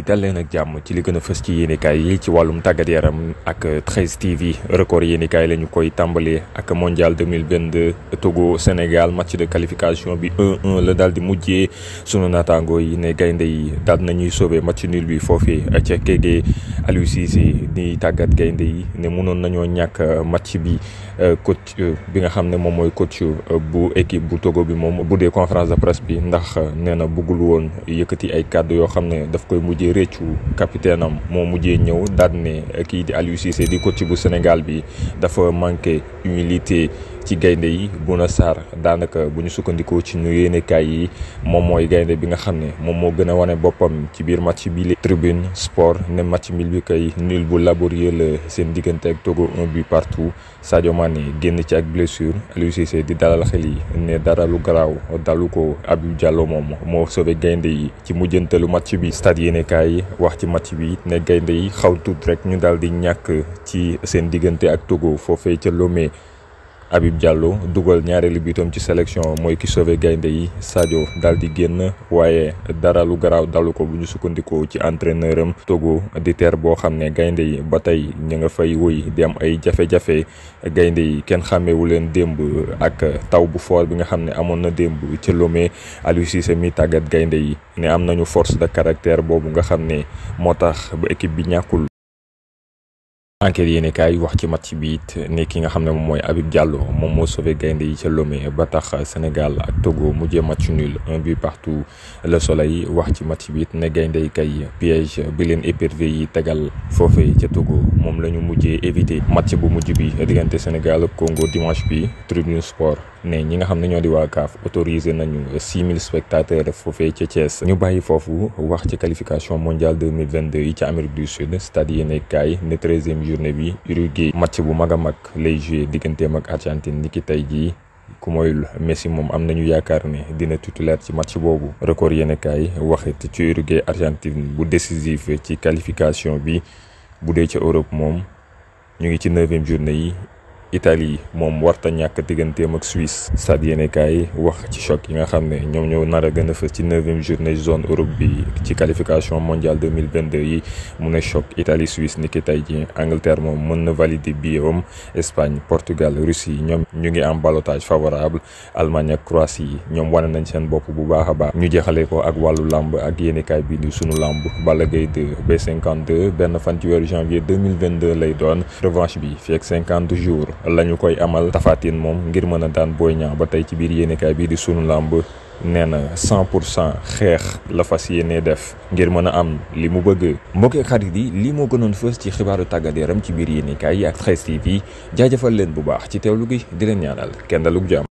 yi dal ak jàmm ci li gën a fës ci yéenikaay yi ci wàllum tàggat yaram ak 13 TV record yéenikaay la ñu koy tàmbalee ak mondial 2022 Togo Sénégal match de qualification bi 1-1 la daal di mujjee sunu naataango yi ne gaynde yi na ñuy sauvé match nul bi foofee ca Kédé Aliou Cissé ni tàggat gaynde yi ne mënoon nañoo ñàkk match bi euh, coach euh, bi nga xam ne moom mooy coach euh, bu équipe bu Togo bi moom bu dee conférence de presse bi ndax nee na bëggul woon yëkkati ay kàddu yoo xam di réccu moo mujjee ñëw daal ne kii di Aliou Cissé di bu senegal bi dafa manqué humilité ci gaynde yi Bouna Sarr daanaka bu ñu sukkandikoo ci nu yéenekaay yi moom mooy gaynde bi nga xam ne moom moo gën a wane boppam ci biir match bi la tribune sport ne match mil bi kay nul bu laborieux la seen diggante ak Togo un but partout Sadio Mané génn ci ak blessure Aliou di dalal xel yi ne dara lu garaaw dalu ko Habib Diallo moom moo sauvé gaynde yi ci mujjantalu match bi stade yéenekaay yi wax ci match bi ne gaynde yi xaw tuut rek ñu daal di ñàkk ci seen diggante ak Togo foofee ca Lomé Habib Diallo dugal ñaareelu biitam ci sélection mooy ki sauvé gaynde yi Sadio daal di génn waaye dara lu garaaw dalu ko bu ñu sukkandikoo ci entraîneur am Togo di terre boo xam ne gaynde yi ba tey ñu nga fay woy dem ay jafe-jafe gaynde yi kenn xàmmeewu leen démb ak taw bu fort bi nga xam ne amoon na démb ci Lomé Aliou Cissé mi tàggat gaynde yi ne am nañu force de caractère boobu nga xam ne moo tax ba équipe bi ñàkkul enquête yéene kaay wax ci match bi it ne ki nga xam ne moom mooy Habib Diallo moom moo sauvé gaynde yi ca Lomé ba tax Sénégal ak Togo mujjee match nul un but partout le soleil wax ci match biit it ne gaynde kay piège bi leen épervier yi tegal foofee ca Togo moom la ñu mujjee éviter match bu mujj bi diggante Sénégal ak Congo dimanche bi Tribune Sport. ne ñi nga xam ne ñoo di waa CAF autorisé nañu six mille spectateurs foofee ca ñu bàyyi foofu wax ci qualification mondiale deux mille vingt deux yi ci Amérique du Sud stade yéene kaay ne treizième journée bi Uruguay match bu mag a mag lay joué digganteem ak Argentine niki tey jii. ku moy Messi moom am nañu yaakaar ne dina titulaire ci match boobu record yenn kaay waxit ci Uruguay Argentine bu décisif ci qualification bi bu dee ca Europe moom ñu ngi ci neuvième journée yi Italie moom warta ñàkk digganteem ak Suisse stade yéenekaay wax ci choc yi nga xam ne ñoom ñoo nar a gën a fës ci neuvième journée zone Europe bi ci qualification mondiale 2022 yi mu ne choc Italie Suisse ni ki tey ji Angleterre moom mën na valider billet am Espagne Portugal Russie ñoom ñu ngi am ballottage favorable Allemagne ak Croatie ñoom wane nañ seen bopp bu baax a baax ñu jeexalee ko ak wàllu làmb ak yéenekaay bi di sunu làmb Balla Gaye 2 B52 benn fan ci weeru janvier 2022 lay doon revanche bi fii ak 50 jours la ñu koy amal tafaatin moom ngir mën a daan Boy ba tey ci biir yéenekaay bii di sunu làmb nee na cent pour cent xeex la fas yéene def ngir mën a am li mu bëgg mbokki xarit yi lii moo gënoon fës ci xibaaru tàggat yaram ci biir yéenekaay yi ak 13 TV jaajëfal leen bu baax ci teewlu gi di leen ñaanal kenn dalug jàmm